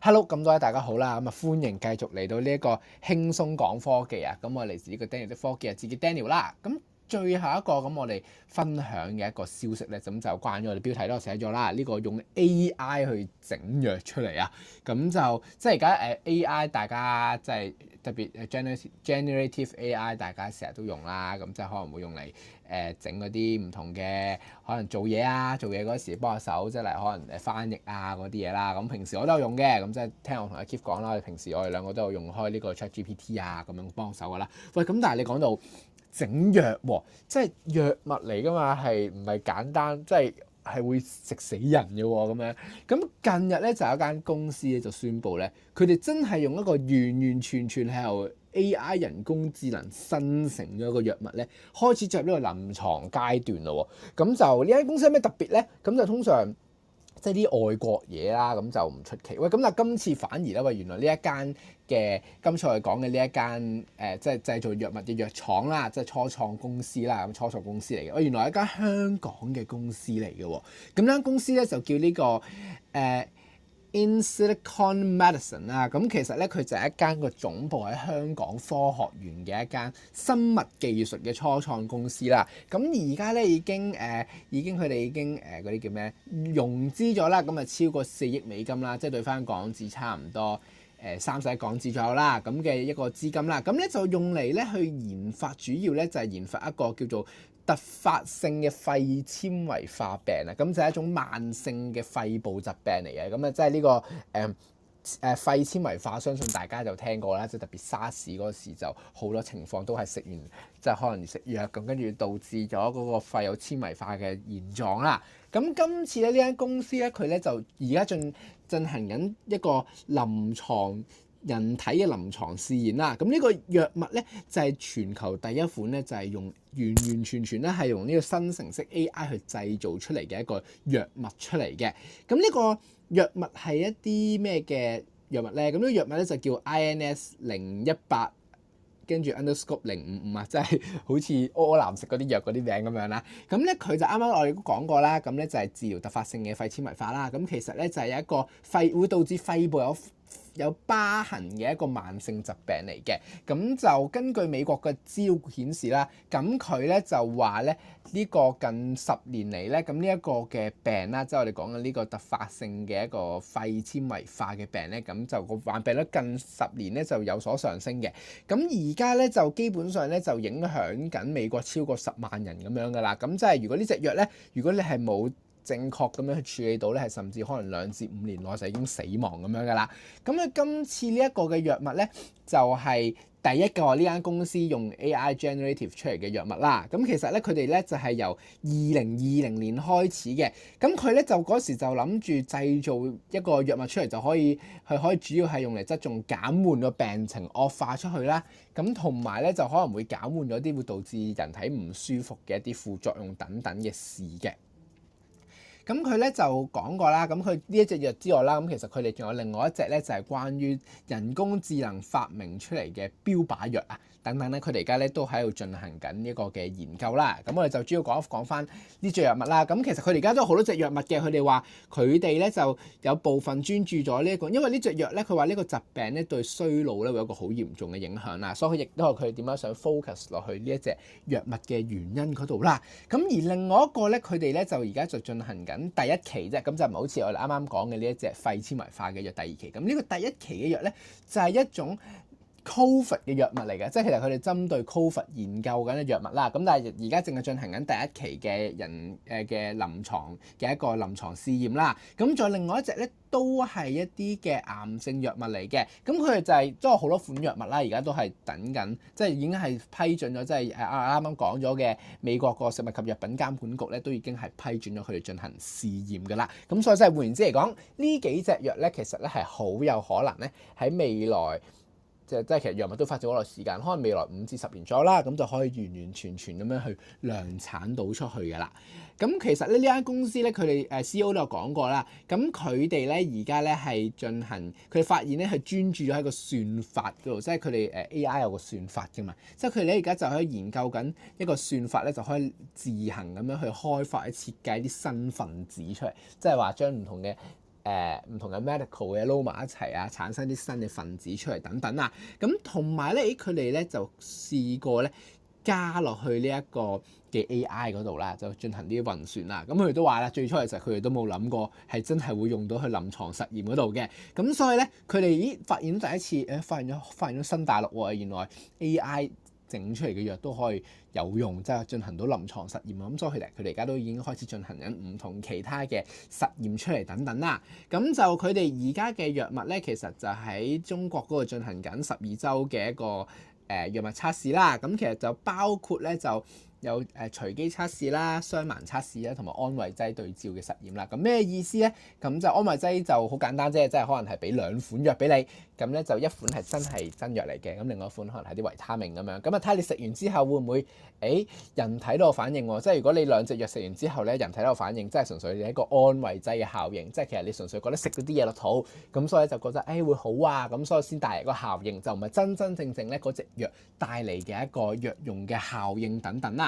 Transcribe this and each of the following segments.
hello，咁多位大家好啦，咁啊歡迎繼續嚟到呢一個輕鬆講科技啊，咁我嚟自呢個 Daniel 的科技啊，自己 Daniel 啦。咁最後一個咁我哋分享嘅一個消息咧，咁就關咗我哋標題都寫咗啦，呢個用 AI 去整藥出嚟啊，咁就即係而家誒 AI 大家即係。特別 generative AI 大家成日都用啦，咁即係可能會用嚟誒整嗰啲唔同嘅可能做嘢啊，做嘢嗰時幫下手，即係可能誒翻譯啊嗰啲嘢啦。咁、嗯、平時我都有用嘅，咁即係聽我同阿 Kip 講啦。平時我哋兩個都有用開呢個 ChatGPT 啊，咁樣幫手噶啦。喂，咁但係你講到整藥，哦、即係藥物嚟噶嘛，係唔係簡單？即係。係會食死人嘅喎、哦，咁樣咁近日呢，就有一間公司咧就宣布呢，佢哋真係用一個完完全全係由 AI 人工智能生成咗一個藥物呢，開始進入呢個臨床階段咯、哦。咁就呢間公司有咩特別呢？咁就通常即係啲外國嘢啦，咁就唔出奇。喂，咁但今次反而呢，喂，原來呢一間。嘅今次我哋講嘅呢一間誒，即、呃、係製造藥物嘅藥廠啦，即係初創公司啦，咁初創公司嚟嘅。我原來係一間香港嘅公司嚟嘅喎，咁呢間公司咧就叫呢、這個誒、啊、Insilico Medicine 啦。咁、啊、其實咧，佢就係一間個總部喺香港科學園嘅一間生物技術嘅初創公司啦。咁而家咧已經誒，已經佢哋、呃、已經誒嗰啲叫咩？融資咗啦，咁啊超過四億美金啦，即係對翻港紙差唔多，誒三十一港紙左右啦，咁嘅一個資金啦，咁咧就用嚟咧去研發，主要咧就係研發一個叫做突發性嘅肺纖維化病啦，咁就係一種慢性嘅肺部疾病嚟嘅，咁啊即係呢個誒誒、嗯、肺纖維化，相信大家就聽過啦，即係特別沙士嗰時就好多情況都係食完即係、就是、可能食藥咁，跟住導致咗嗰個肺有纖維化嘅現狀啦。咁今次咧呢間公司咧佢咧就而家進進行緊一個臨床人體嘅臨床試驗啦。咁呢個藥物咧就係全球第一款咧就係用完完全全咧係用呢個生成式 AI 去製造出嚟嘅一個藥物出嚟嘅。咁呢個藥物係一啲咩嘅藥物咧？咁呢個藥物咧就叫 INS 零一八。跟住 under scope 零五五啊，即係好似柯南食嗰啲藥嗰啲名咁樣啦。咁咧佢就啱啱我哋都講過啦。咁、啊、咧、嗯、就係、是、治療特發性嘅肺纖維化啦。咁、啊嗯、其實咧就係、是、有一個肺會導致肺部有。有疤痕嘅一個慢性疾病嚟嘅，咁就根據美國嘅資料顯示啦，咁佢咧就話咧呢個近十年嚟咧，咁呢一個嘅病啦，即係我哋講緊呢個突發性嘅一個肺纖維化嘅病咧，咁就個患病率近十年咧就有所上升嘅，咁而家咧就基本上咧就影響緊美國超過十萬人咁樣噶啦，咁即係如果呢隻藥咧，如果你係冇正確咁樣去處理到咧，係甚至可能兩至五年內就已經死亡咁樣噶啦。咁佢今次呢一個嘅藥物咧，就係第一個呢間公司用 AI generative 出嚟嘅藥物啦。咁其實咧，佢哋咧就係由二零二零年開始嘅。咁佢咧就嗰時就諗住製造一個藥物出嚟，就可以係可以主要係用嚟質重減緩個病情惡化出去啦。咁同埋咧就可能會減緩咗啲會導致人體唔舒服嘅一啲副作用等等嘅事嘅。咁佢咧就講過啦，咁佢呢一隻藥之外啦，咁其實佢哋仲有另外一隻咧，就係關於人工智能發明出嚟嘅標靶藥啊等等咧，佢哋而家咧都喺度進行緊呢一個嘅研究啦。咁我哋就主要講一講翻呢隻藥物啦。咁其實佢哋而家都好多隻藥物嘅，佢哋話佢哋咧就有部分專注咗呢一個，因為呢隻藥咧，佢話呢個疾病咧對衰老咧會有一個好嚴重嘅影響啦，所以亦都係佢點樣想 focus 落去呢一隻藥物嘅原因嗰度啦。咁而另外一個咧，佢哋咧就而家就進行緊。咁第一期啫，咁就唔係好似我哋啱啱講嘅呢一隻肺纖維化嘅藥。第二期，咁呢個第一期嘅藥咧，就係一種。Covid 嘅藥物嚟嘅，即係其實佢哋針對 Covid 研究緊嘅藥物啦。咁但係而家淨係進行緊第一期嘅人誒嘅臨床嘅一個臨床試驗啦。咁再另外一隻咧，都係一啲嘅癌症藥物嚟嘅。咁佢哋就係即係好多款藥物啦。而家都係等緊，即係已經係批准咗，即係啊啱啱講咗嘅美國個食物及藥品監管局咧，都已經係批准咗佢哋進行試驗㗎喇。咁所以即係換言之嚟講，呢幾隻藥咧，其實咧係好有可能咧喺未來。即係即係，其實藥物都發展好耐時間，可能未來五至十年左右啦，咁就可以完完全全咁樣去量產到出去嘅啦。咁其實咧，呢間公司咧，佢哋誒 CEO 都有講過啦。咁佢哋咧而家咧係進行，佢哋發現咧係專注咗喺個算法嗰度，即係佢哋誒 AI 有個算法嘅嘛。即係佢哋咧而家就喺研究緊一個算法咧，就可以自行咁樣去開發啲設計啲新分子出嚟，即係話將唔同嘅。誒唔同嘅 medical 嘅撈埋一齊啊，產生啲新嘅分子出嚟等等啊，咁同埋咧，佢哋咧就試過咧加落去呢一個嘅 AI 嗰度啦，就進行啲運算啦。咁佢哋都話啦，最初其實佢哋都冇諗過係真係會用到去臨床實驗嗰度嘅。咁所以咧，佢哋咦發現第一次誒發現咗發現咗新大陸喎，原來 AI。整出嚟嘅藥都可以有用，即係進行到臨床實驗。咁所以其實佢哋而家都已經開始進行緊唔同其他嘅實驗出嚟等等啦。咁就佢哋而家嘅藥物呢，其實就喺中國嗰度進行緊十二週嘅一個誒、呃、藥物測試啦。咁其實就包括呢就。有誒隨機測試啦、雙盲測試啦，同埋安慰劑對照嘅實驗啦。咁咩意思咧？咁就安慰劑就好簡單啫，即係可能係俾兩款藥俾你，咁咧就一款係真係真藥嚟嘅，咁另外一款可能係啲維他命咁樣。咁啊睇下你食完之後會唔會，誒、欸、人體度反應喎。即係如果你兩隻藥食完之後咧，人體度反應，即係純粹你一個安慰劑嘅效應。即係其實你純粹覺得食咗啲嘢落肚，咁所以就覺得誒、欸、會好啊，咁所以先帶嚟個效應，就唔係真真正正咧嗰隻藥帶嚟嘅一個藥用嘅效應等等啦。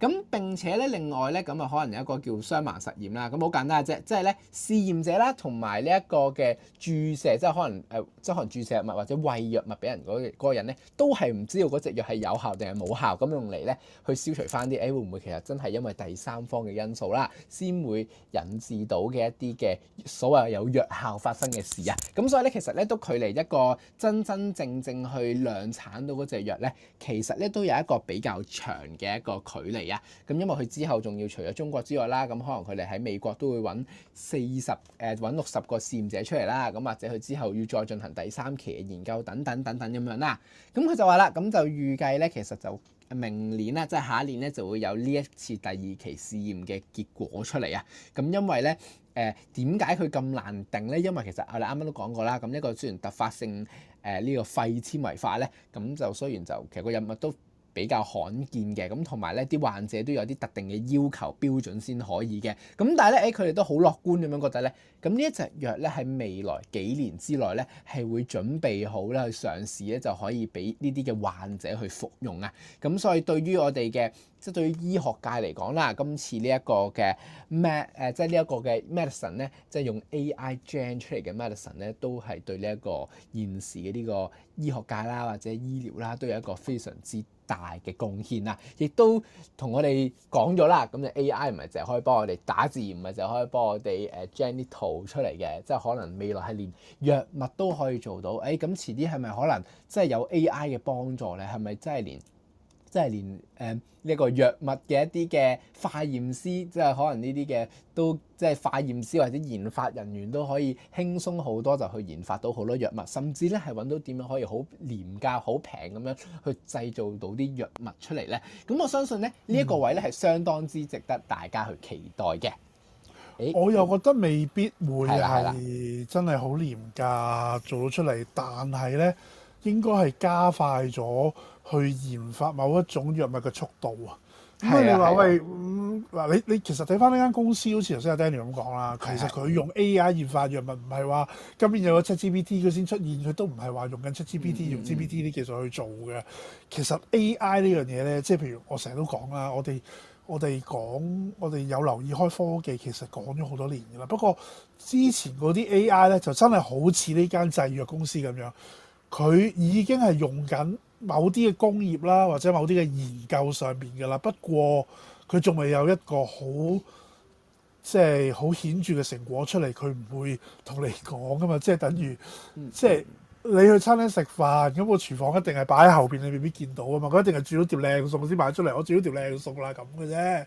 咁並且咧，另外咧，咁啊可能有一個叫雙盲實驗啦。咁好簡單嘅啫，即係咧試驗者啦，同埋呢一個嘅注射，即係可能誒即係可能注射藥物或者餵藥物俾人嗰嗰個人咧，都係唔知道嗰隻藥係有效定係冇效。咁用嚟咧，去消除翻啲，誒會唔會其實真係因為第三方嘅因素啦，先會引致到嘅一啲嘅所謂有藥效發生嘅事啊。咁所以咧，其實咧都距離一個真真正正去量產到嗰隻藥咧，其實咧都有一個比較長嘅一個距離。咁因為佢之後仲要除咗中國之外啦，咁可能佢哋喺美國都會揾四十誒揾六十個試驗者出嚟啦，咁或者佢之後要再進行第三期嘅研究等等等等咁樣啦。咁佢就話啦，咁就預計呢，其實就明年啦，即係下一年呢，就會有呢一次第二期試驗嘅結果出嚟啊。咁因為呢，誒點解佢咁難定呢？因為其實我哋啱啱都講過啦，咁一個雖然突發性誒呢、呃這個肺纖維化呢，咁就雖然就其實個任務都。比較罕見嘅。咁，同埋咧啲患者都有啲特定嘅要求標準先可以嘅。咁但係咧，誒佢哋都好樂觀咁樣覺得咧，咁呢一隻藥咧喺未來幾年之內咧係會準備好啦去上市咧，就可以俾呢啲嘅患者去服用啊。咁所以對於我哋嘅，即係對於醫學界嚟講啦，今次 MA，呢一個嘅 Med 誒即係呢一個嘅 Medicine 咧，即係用 AI Gen 出嚟嘅 Medicine 咧，都係對呢一個現時嘅呢個醫學界啦，或者醫療啦，都有一個非常之。大嘅貢獻啦，亦都同我哋講咗啦。咁就 AI 唔係淨係可以幫我哋打字，唔係淨係可以幫我哋誒將啲圖出嚟嘅。即係可能未來係連藥物都可以做到。誒咁遲啲係咪可能即係有 AI 嘅幫助咧？係咪真係連？即係連誒呢、呃這個、一個藥物嘅一啲嘅化驗師，即係可能呢啲嘅都即係化驗師或者研發人員都可以輕鬆好多，就去研發到好多藥物，甚至呢係揾到點樣可以好廉價、好平咁樣去製造到啲藥物出嚟呢，咁我相信呢，呢、這、一個位呢係相當之值得大家去期待嘅。我又覺得未必會係真係好廉價做到出嚟，但係呢應該係加快咗。去研發某一種藥物嘅速度啊！咁你話喂，嗱、嗯，你你其實睇翻呢間公司，好似頭先阿 Danny 咁講啦，啊、其實佢用 A.I. 研發藥物唔係話今年有咗七 G.P.T. 佢先出現，佢都唔係話用緊七 G.P.T. 用 G.P.T. 啲技術去做嘅。嗯嗯其實 A.I. 呢樣嘢咧，即係譬如我成日都講啦，我哋我哋講我哋有留意開科技，其實講咗好多年㗎啦。不過之前嗰啲 A.I. 咧就真係好似呢間製藥公司咁樣，佢已經係用緊，某啲嘅工業啦，或者某啲嘅研究上面嘅啦。不過佢仲未有一個好即係好顯著嘅成果出嚟，佢唔會同你講噶嘛。即係等於即係你去餐廳食飯，咁個廚房一定係擺喺後邊，你未必見到啊嘛。佢一定係煮咗條靚餸先賣出嚟，我煮咗條靚餸啦咁嘅啫，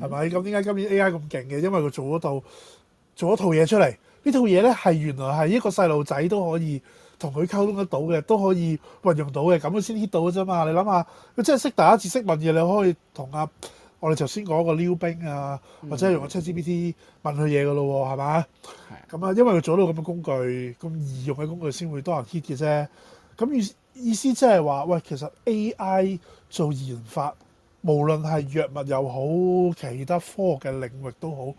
係咪？咁點解今年 A.I. 咁勁嘅？因為佢做咗套做咗套嘢出嚟。套呢套嘢咧係原來係一個細路仔都可以。同佢溝通得到嘅都可以運用到嘅，咁樣先 hit 到嘅啫嘛。你諗下，佢真係識打字、識問嘢，你可以同阿我哋頭先講個溜冰啊，啊嗯、或者用個 ChatGPT 問佢嘢噶咯，係咪？咁啊的、嗯，因為佢做到咁嘅工具，咁易用嘅工具先會多人 hit 嘅啫。咁意意思即係話，喂，其實 AI 做研發，無論係藥物又好，其他科學嘅領域都好，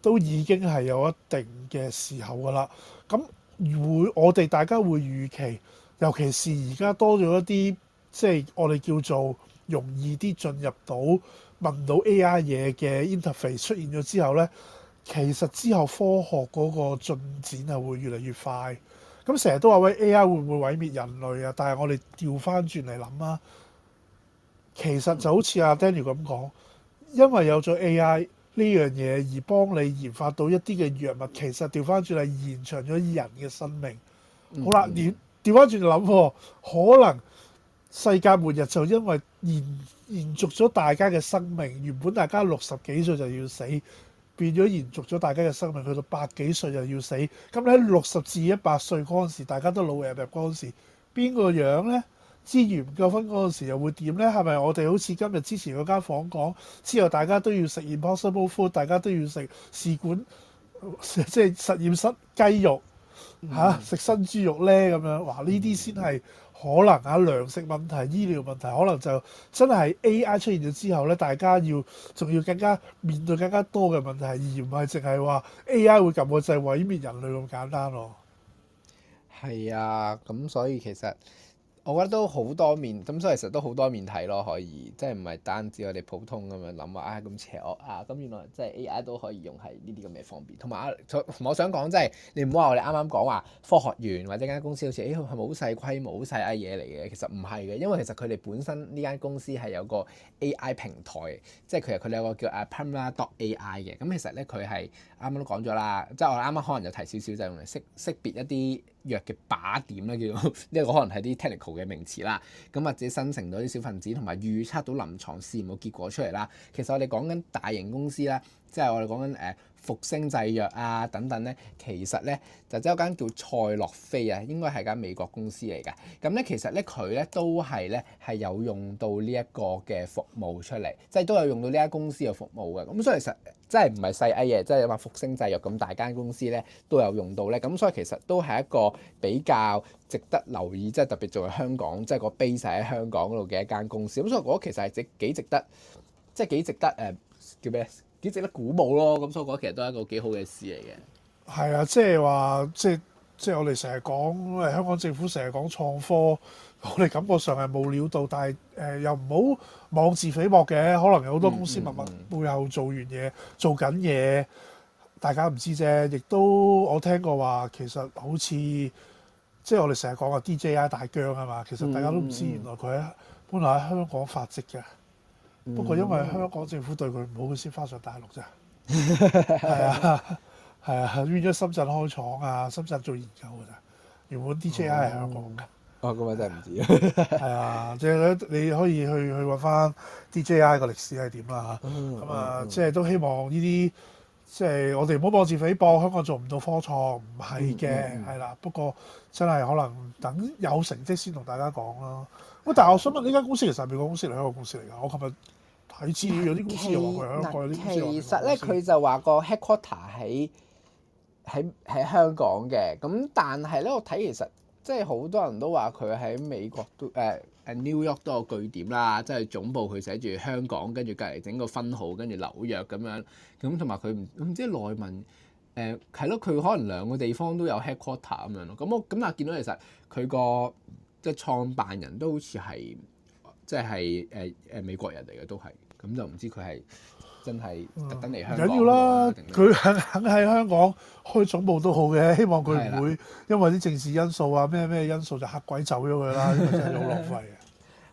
都已經係有一定嘅時候噶啦。咁會我哋大家會預期，尤其是而家多咗一啲即係我哋叫做容易啲進入到問到 A.I. 嘢嘅 interface 出現咗之後呢，其實之後科學嗰個進展係會越嚟越快。咁成日都話喂 A.I. 會唔會毀滅人類啊？但係我哋調翻轉嚟諗啊，其實就好似阿 Daniel 咁講，因為有咗 A.I. 呢樣嘢而幫你研發到一啲嘅藥物，其實調翻轉係延長咗人嘅生命。好啦，調調翻轉諗，可能世界末日就因為延延續咗大家嘅生命。原本大家六十幾歲就要死，變咗延續咗大家嘅生命，去到百幾歲就要死。咁喺六十至一百歲嗰陣時，大家都老弱入入嗰陣時，邊個樣呢？資源唔夠分嗰陣時又會點呢？係咪我哋好似今日之前嗰間房講之後，大家都要食 Impossible Food，大家都要食試管，即係實驗室雞肉吓，食、嗯啊、新豬肉呢？咁樣。哇！呢啲先係可能啊，糧食問題、醫療問題，可能就真係 AI 出現咗之後呢，大家要仲要更加面對更加多嘅問題，而唔係淨係話 AI 會撳個掣毀滅人類咁簡單咯。係啊，咁所以其實。我覺得都好多面，咁所以其實都好多面睇咯，可以，即係唔係單止我哋普通咁樣諗話啊咁邪惡啊，咁原來即係 AI 都可以用喺呢啲咁嘅方便。同埋我想講即係你唔好話我哋啱啱講話科學園或者間公司好似誒係冇細規模、好細嘅嘢嚟嘅，其實唔係嘅，因為其實佢哋本身呢間公司係有個 AI 平台，即係其實佢哋有個叫 Pharma dot AI 嘅。咁其實咧佢係啱啱都講咗啦，即係我哋啱啱可能有提就提少少就係用嚟識識別一啲藥嘅靶點啦，叫做呢個可能係啲 technical 嘅名詞啦，咁或者生成到啲小分子，同埋預測到臨床試驗個結果出嚟啦。其實我哋講緊大型公司咧，即係我哋講緊誒。呃復星製藥啊等等呢，其實呢，就真有間叫賽諾菲啊，應該係間美國公司嚟㗎。咁、嗯、呢，其實呢，佢呢都係呢，係有用到呢一個嘅服務出嚟，即係都有用到呢間公司嘅服務嘅。咁、嗯、所以其實即係唔係細 A 嘅，即係話復星製藥咁大間公司呢，都有用到呢。咁、嗯、所以其實都係一個比較值得留意，即係特別作為香港即係個 base 喺香港嗰度嘅一間公司。咁、嗯、所以我覺得其實係值幾值，值得，即係幾值得誒叫咩幾值得鼓舞咯！咁所以我覺得，其實都係一個幾好嘅事嚟嘅。係啊，即係話，即係即係我哋成日講誒香港政府成日講創科，我哋感覺上係冇料到，但係誒、呃、又唔好妄自菲薄嘅。可能有好多公司默默背後做完嘢，做緊嘢，大家唔知啫。亦都我聽過話，其實好似即係我哋成日講嘅 D J I 大疆啊嘛，其實大家都唔知，原來佢喺本來喺香港發跡嘅。不過因為香港政府對佢唔好，佢先翻上大陸咋？係啊，係啊，變咗深圳開廠啊，深圳做研究㗎咋。原本 DJI 係香港嘅。哦，位真係唔知啊。係啊，即係咧，你可以去去揾翻 DJI 個歷史係點啦。咁啊，即係都希望呢啲，即係我哋唔好妄自菲薄，香港做唔到科創唔係嘅，係啦。不過真係可能等有成績先同大家講咯。喂，但係我想問呢間公司其實係美國公司嚟？香港公司嚟㗎。我琴日。睇資料有啲公司喺香港，有啲公司其實咧，佢就話個 headquarter 喺喺喺香港嘅。咁但係咧，我睇其實即係好多人都話佢喺美國都誒誒、哎、New York 都有據點啦。即係總部佢寫住香港，跟住隔離整個分號，跟住紐約咁樣。咁同埋佢唔唔知內文誒係咯，佢、呃、可能兩個地方都有 headquarter 咁樣咯。咁我咁啊，見到其實佢個即係創辦人都好似係即係誒誒美國人嚟嘅，都係。咁就唔知佢係真係特登嚟香港緊、嗯、要啦！佢肯肯喺香港開總部都好嘅，希望佢唔會的因為啲政治因素啊、咩咩因素就嚇鬼走咗佢啦！真係好浪費。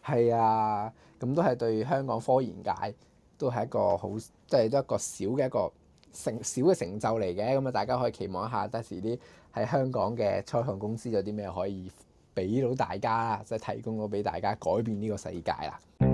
係啊，咁都係對香港科研界都係一個好，即係都一個小嘅一個成小嘅成就嚟嘅。咁啊，大家可以期望一下，第時啲喺香港嘅初創公司有啲咩可以俾到大家，即係提供到俾大家改變呢個世界啦。